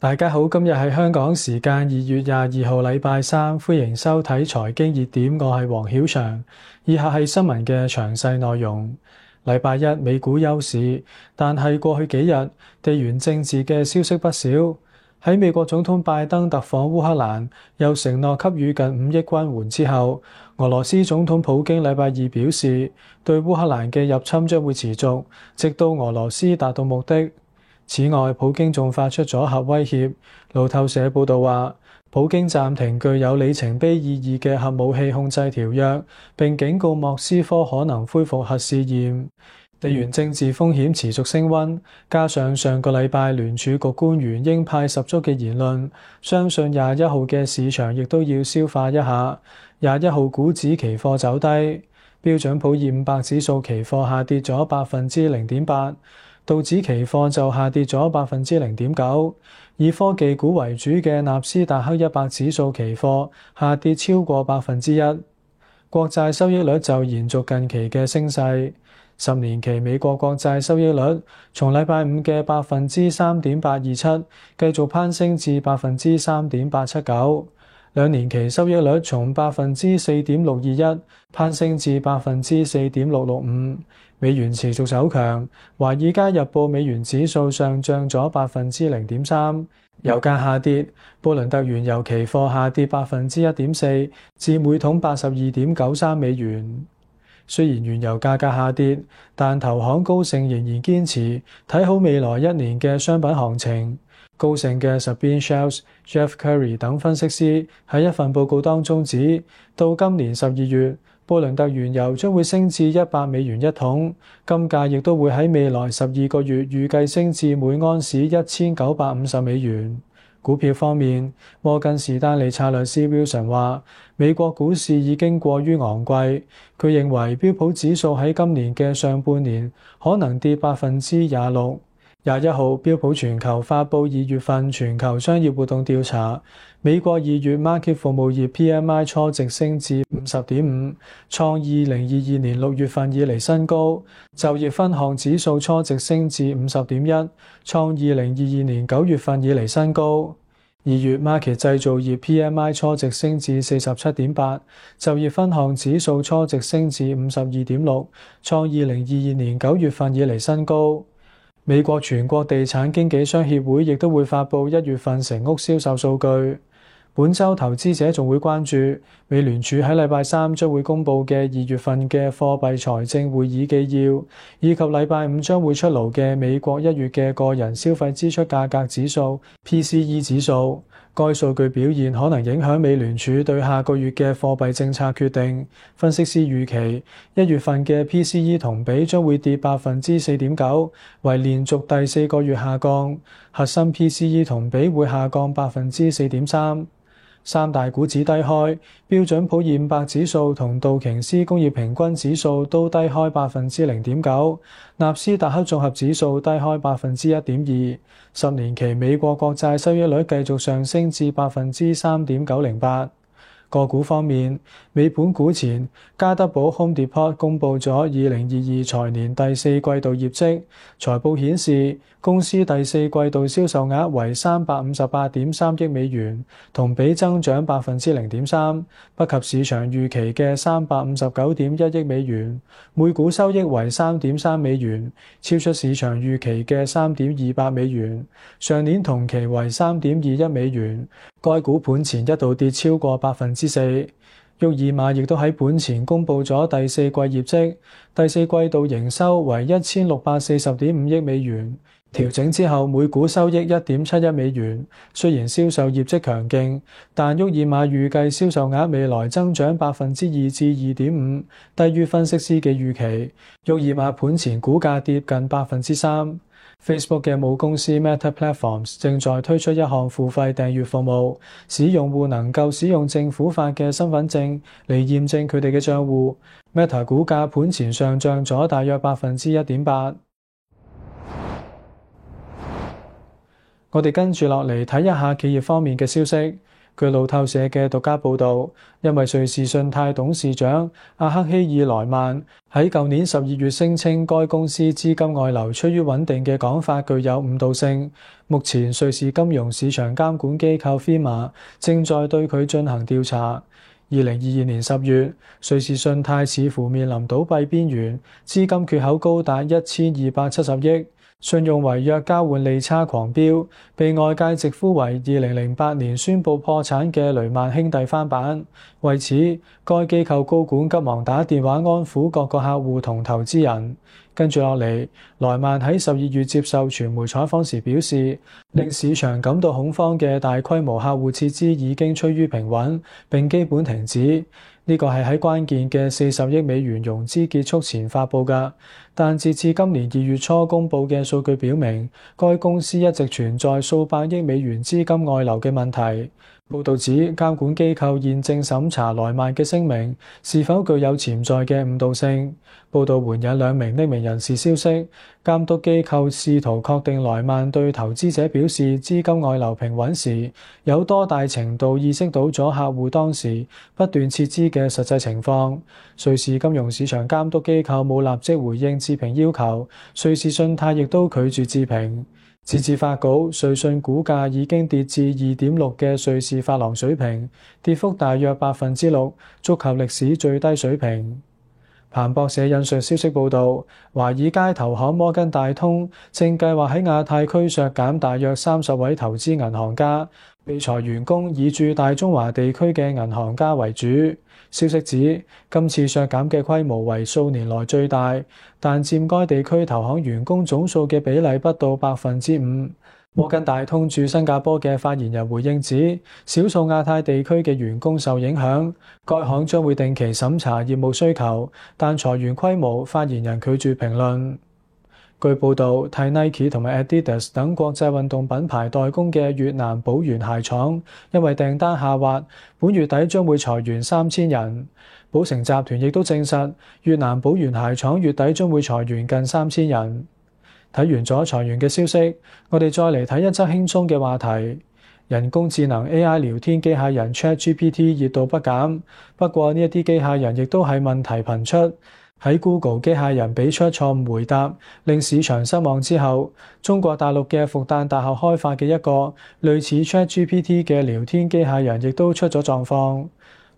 大家好，今日係香港時間二月廿二號禮拜三，歡迎收睇財經熱點，我係黃曉翔。以下係新聞嘅詳細內容。禮拜一美股休市，但係過去幾日地緣政治嘅消息不少。喺美國總統拜登突訪烏克蘭，又承諾給予近五億軍援之後，俄羅斯總統普京禮拜二表示，對烏克蘭嘅入侵將會持續，直到俄羅斯達到目的。此外，普京仲發出咗核威脅。路透社報導話，普京暫停具有里程碑意義嘅核武器控制條約，並警告莫斯科可能恢復核試驗。地緣政治風險持續升溫，加上上個禮拜聯儲局官員鷹派十足嘅言論，相信廿一號嘅市場亦都要消化一下。廿一號股指期貨走低，標準普爾五百指數期貨下跌咗百分之零點八。道指期貨就下跌咗百分之零點九，以科技股為主嘅納斯達克一百指數期貨下跌超過百分之一，國債收益率就延續近期嘅升勢，十年期美國國債收益率從禮拜五嘅百分之三點八二七繼續攀升至百分之三點八七九。兩年期收益率從百分之四點六二一攀升至百分之四點六六五。美元持續走強，華爾街日報美元指數上漲咗百分之零點三。油價下跌，布倫特原油期貨下跌百分之一點四，至每桶八十二點九三美元。雖然原油價格下跌，但投行高盛仍然堅持睇好未來一年嘅商品行情。高盛嘅 Sabine Schaus、Jeff Curry 等分析師喺一份報告當中指，到今年十二月，布倫特原油將會升至一百美元一桶，金價亦都會喺未來十二個月預計升至每盎司一千九百五十美元。股票方面，摩根士丹利策略師 Wilson 話，美國股市已經過於昂貴，佢認為標普指數喺今年嘅上半年可能跌百分之廿六。廿一號，標普全球發布二月份全球商業活動調查，美國二月 market 服務業 PMI 初值升至五十點五，創二零二二年六月份以嚟新高；就業分項指數初值升至五十點一，創二零二二年九月份以嚟新高。二月 market 製造業 PMI 初值升至四十七點八，就業分項指數初值升至五十二點六，創二零二二年九月份以嚟新高。美國全國地產經紀商協會亦都會發布一月份成屋銷售數據。本周投資者仲會關注美聯儲喺禮拜三將會公布嘅二月份嘅貨幣財政會議紀要，以及禮拜五將會出爐嘅美國一月嘅個人消費支出價格指數 （PCE 指數）。該數據表現可能影響美聯儲對下個月嘅貨幣政策決定。分析師預期，一月份嘅 PCE 同比將會跌百分之四點九，為連續第四個月下降。核心 PCE 同比會下降百分之四點三。三大股指低開，標準普爾五百指數同道瓊斯工業平均指數都低開百分之零點九，納斯達克綜合指數低開百分之一點二，十年期美國國債收益率繼續上升至百分之三點九零八。個股方面，美盤股前，加德堡 Home Depot 公布咗二零二二財年第四季度業績。財報顯示，公司第四季度銷售額為358.3億美元，同比增長0.3%，不及市場預期嘅359.1億美元。每股收益為3.3美元，超出市場預期嘅3.28美元，上年同期為3.21美元。該股盤前一度跌超過百分之四，沃爾瑪亦都喺盤前公布咗第四季業績，第四季度營收為一千六百四十點五億美元，調整之後每股收益一點七一美元。雖然銷售業績強勁，但沃爾瑪預計銷售額未來增長百分之二至二點五，低於分析師嘅預期。沃爾瑪盤前股價跌近百分之三。Facebook 嘅母公司 Meta Platforms 正在推出一項付費訂閱服務，使用戶能夠使用政府發嘅身份證嚟驗證佢哋嘅賬戶。Meta 股價盤前上漲咗大約百分之一點八。我哋跟住落嚟睇一下企業方面嘅消息。據路透社嘅獨家報導，因為瑞士信貸董事長阿克希爾萊曼喺舊年十二月聲稱該公司資金外流出於穩定嘅講法具有誤導性，目前瑞士金融市場監管機構 FEMA 正在對佢進行調查。二零二二年十月，瑞士信貸似乎面臨倒閉邊緣，資金缺口高達一千二百七十億。信用違約交換利差狂飆，被外界直呼為二零零八年宣布破產嘅雷曼兄弟翻版。為此，該機構高管急忙打電話安撫各個客戶同投資人。跟住落嚟，萊曼喺十二月接受傳媒採訪時表示，令市場感到恐慌嘅大規模客戶撤資已經趨於平穩，並基本停止。呢個係喺關鍵嘅四十億美元融資結束前發布噶。但截至今年二月初公布嘅數據表明，該公司一直存在數百億美元資金外流嘅問題。報導指監管機構現正審查萊曼嘅聲明是否具有潛在嘅誤導性。報導援引兩名匿名人士消息，監督機構試圖確定萊曼對投資者表示資金外流平穩時，有多大程度意識到咗客戶當時不斷撤資嘅實際情況。瑞士金融市場監督機構冇立即回應置評要求，瑞士信貸亦都拒絕置評。截至發稿，瑞信股價已經跌至二點六嘅瑞士法郎水平，跌幅大約百分之六，觸及歷史最低水平。彭博社引述消息報道，華爾街投行摩根大通正計劃喺亞太區削減大約三十位投資銀行家。被裁員工以駐大中華地區嘅銀行家為主，消息指今次削減嘅規模為數年來最大，但佔該地區投行員工總數嘅比例不到百分之五。摩根大通駐新加坡嘅發言人回應指，少數亞太地區嘅員工受影響，該行將會定期審查業務需求，但裁員規模，發言人拒絕評論。據報導，替 Nike 同埋 Adidas 等國際運動品牌代工嘅越南寶元鞋廠，因為訂單下滑，本月底將會裁員三千人。寶成集團亦都證實，越南寶元鞋廠月底將會裁員近三千人。睇完咗裁員嘅消息，我哋再嚟睇一則輕鬆嘅話題：人工智能 AI 聊天機械人 ChatGPT 熱度不減，不過呢一啲機械人亦都係問題頻出。喺 Google 機械人俾出錯誤回答，令市場失望之後，中國大陸嘅復旦大學開發嘅一個類似 ChatGPT 嘅聊天機械人，亦都出咗狀況。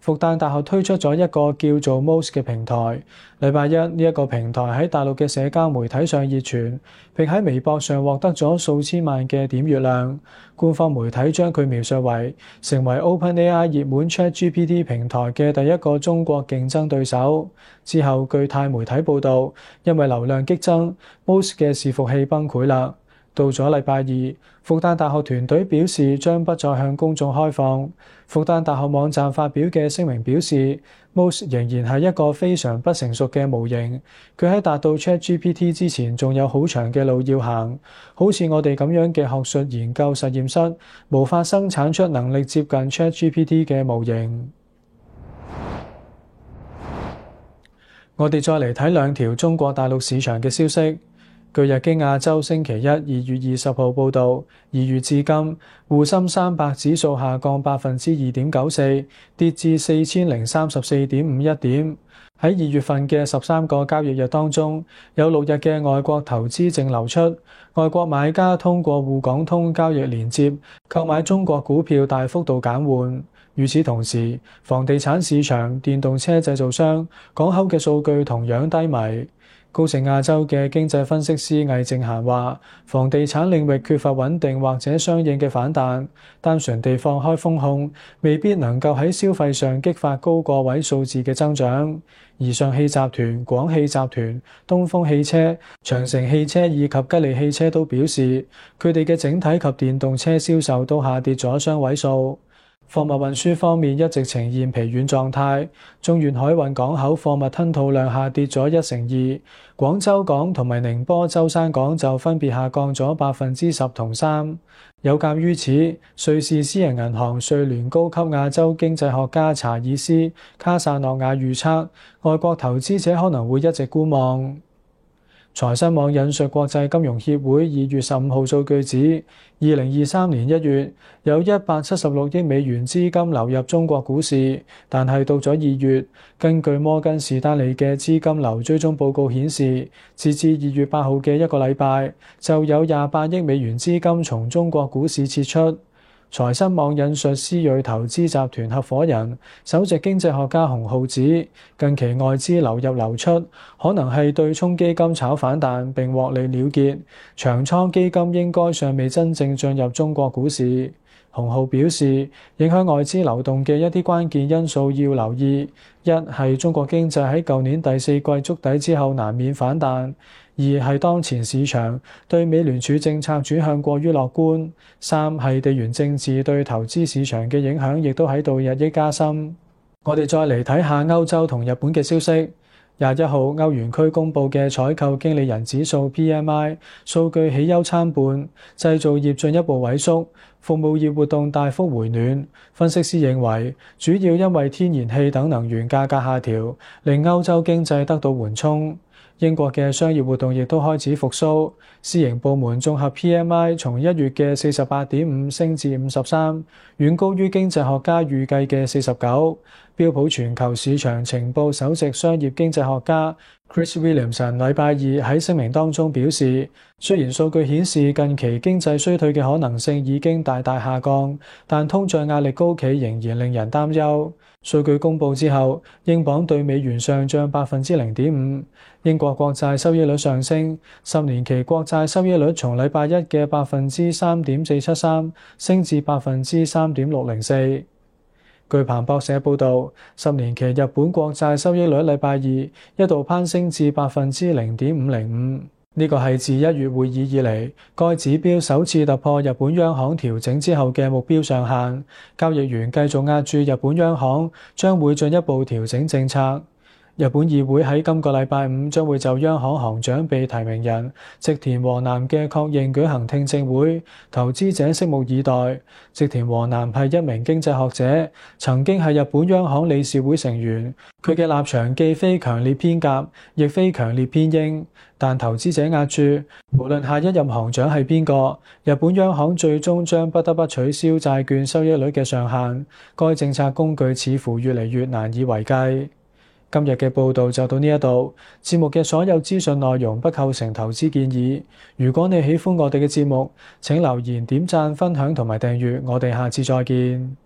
復旦大學推出咗一個叫做 Most 嘅平台。禮拜一呢一、這個平台喺大陸嘅社交媒體上熱傳，並喺微博上獲得咗數千萬嘅點閱量。官方媒體將佢描述為成為 OpenAI 熱門 ChatGPT 平台嘅第一個中國競爭對手。之後據泰媒體報導，因為流量激增，Most 嘅伺服器崩潰啦。到咗禮拜二，復旦大學團隊表示將不再向公眾開放。復旦大學網站發表嘅聲明表示，MOSS 仍然係一個非常不成熟嘅模型，佢喺達到 ChatGPT 之前仲有好長嘅路要行。好似我哋咁樣嘅學術研究實驗室，無法生產出能力接近 ChatGPT 嘅模型。 我哋再嚟睇兩條中國大陸市場嘅消息。據日經亞洲星期一二月二十號報導，二月至今，滬深三百指數下降百分之二點九四，跌至四千零三十四點五一點。喺二月份嘅十三個交易日當中，有六日嘅外國投資淨流出，外國買家通過滬港通交易連接購買中國股票大幅度減緩。與此同時，房地產市場、電動車製造商、港口嘅數據同樣低迷。高盛亞洲嘅經濟分析師魏正賢話：房地產領域缺乏穩定或者相應嘅反彈，單純地放開封控，未必能夠喺消費上激發高個位數字嘅增長。而上汽集團、廣汽集團、東風汽車、長城汽車以及吉利汽車都表示，佢哋嘅整體及電動車銷售都下跌咗雙位數。貨物運輸方面一直呈現疲軟狀態，中遠海運港口貨物吞吐量下跌咗一成二，廣州港同埋寧波舟山港就分別下降咗百分之十同三。有鑑於此，瑞士私人銀行瑞聯高級亞洲經濟學家查爾斯·卡薩諾亞預測，外國投資者可能會一直觀望。財新網引述國際金融協會二月十五號數據指，二零二三年一月有一百七十六億美元資金流入中國股市，但係到咗二月，根據摩根士丹利嘅資金流追蹤報告顯示，截至二月八號嘅一個禮拜，就有廿八億美元資金從中國股市撤出。財新網引述思睿投資集團合夥人，首席經濟學家洪浩指，近期外資流入流出可能係對沖基金炒反彈並獲利了結，長倉基金應該尚未真正進入中國股市。洪浩表示，影響外資流動嘅一啲關鍵因素要留意，一係中國經濟喺舊年第四季觸底之後難免反彈。二係當前市場對美聯儲政策轉向過於樂觀；三係地緣政治對投資市場嘅影響亦都喺度日益加深。我哋再嚟睇下歐洲同日本嘅消息。廿一號歐元區公布嘅採購經理人指數 PMI 數據喜憂參半，製造業進一步萎縮，服務業活動大幅回暖。分析師認為，主要因為天然氣等能源價格下調，令歐洲經濟得到緩衝。英國嘅商業活動亦都開始復甦，私營部門綜合 PMI 從一月嘅四十八點五升至五十三，遠高於經濟學家預計嘅四十九。標普全球市場情報首席商業經濟學家 Chris Williamson 禮拜二喺聲明當中表示，雖然數據顯示近期經濟衰退嘅可能性已經大大下降，但通脹壓力高企仍然令人擔憂。數據公布之後，英鎊對美元上漲百分之零點五，英國國債收益率上升，十年期國債收益率從禮拜一嘅百分之三點四七三升至百分之三點六零四。據彭博社報道，十年期日本國債收益率禮拜二一度攀升至百分之零點五零五，呢個係自一月會議以嚟，該指標首次突破日本央行調整之後嘅目標上限。交易員繼續押注日本央行將會進一步調整政策。日本議會喺今個禮拜五將會就央行行長被提名人直田和男嘅確認舉行聽證會，投資者拭目以待。直田和男係一名經濟學者，曾經係日本央行理事會成員。佢嘅立場既非強烈偏鴿，亦非強烈偏鷹，但投資者押注，無論下一任行長係邊個，日本央行最終將不得不取消債券收益率嘅上限。該政策工具似乎越嚟越難以為繼。今日嘅報道就到呢一度。節目嘅所有資訊內容不構成投資建議。如果你喜歡我哋嘅節目，請留言、點讚、分享同埋訂閱。我哋下次再見。